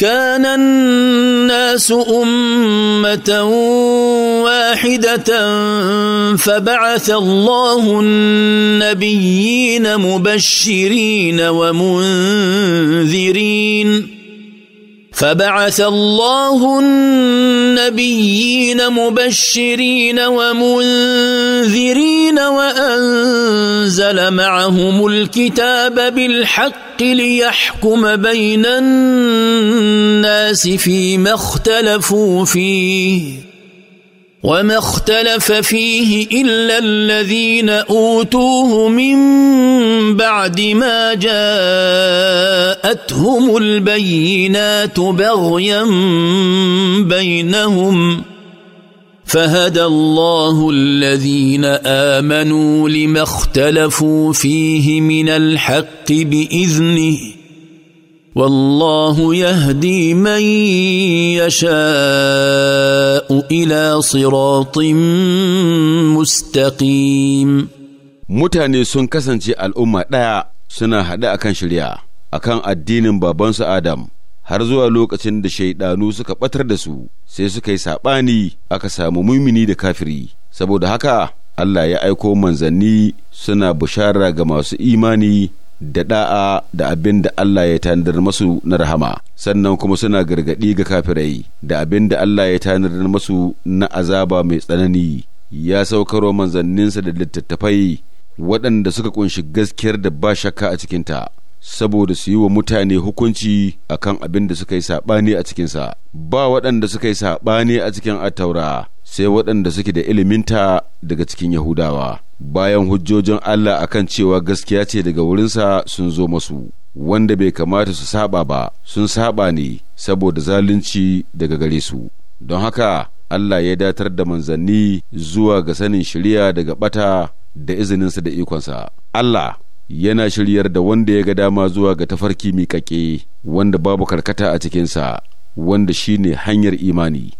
كان الناس امه واحده فبعث الله النبيين مبشرين ومنذرين فبعث الله النبيين مبشرين ومنذرين وانزل معهم الكتاب بالحق الحق ليحكم بين الناس فيما اختلفوا فيه وما اختلف فيه الا الذين اوتوه من بعد ما جاءتهم البينات بغيا بينهم فهدى الله الذين امنوا لما اختلفوا فيه من الحق باذنه والله يهدي من يشاء الى صراط مستقيم mutane sun kasance al'umma ɗaya suna haɗe akan shirya akan addinin babansu adam har zuwa lokacin da shaidanu suka batar da su sai suka yi saɓani aka samu mumini da kafiri saboda haka Allah ya aiko manzanni suna bushara ga masu imani da da'a da abin da Allah ya tanadar masu na rahama sannan kuma suna gargaɗi ga kafirai da abin da Allah ya tanadar masu na azaba mai tsanani ya saukarwa manzanninsa da littattafai waɗanda suka ƙunshi gaskiyar da ba shakka a cikinta saboda su yi wa mutane hukunci akan abin da suka yi saɓani a cikinsa ba waɗanda suka yi saɓani a cikin attaura sai waɗanda suke da iliminta daga cikin yahudawa bayan hujjojin Allah akan cewa gaskiya ce daga wurinsa sun zo masu wanda bai kamata su saɓa ba sun saɓa ne saboda zalunci daga gare su don haka Allah ya datar da manzanni zuwa ga sanin shirya daga bata da izininsa da ikonsa Allah yana shiryar da wanda ya ga dama zuwa ga tafarki miƙaƙe wanda babu karkata a cikinsa wanda shine hanyar imani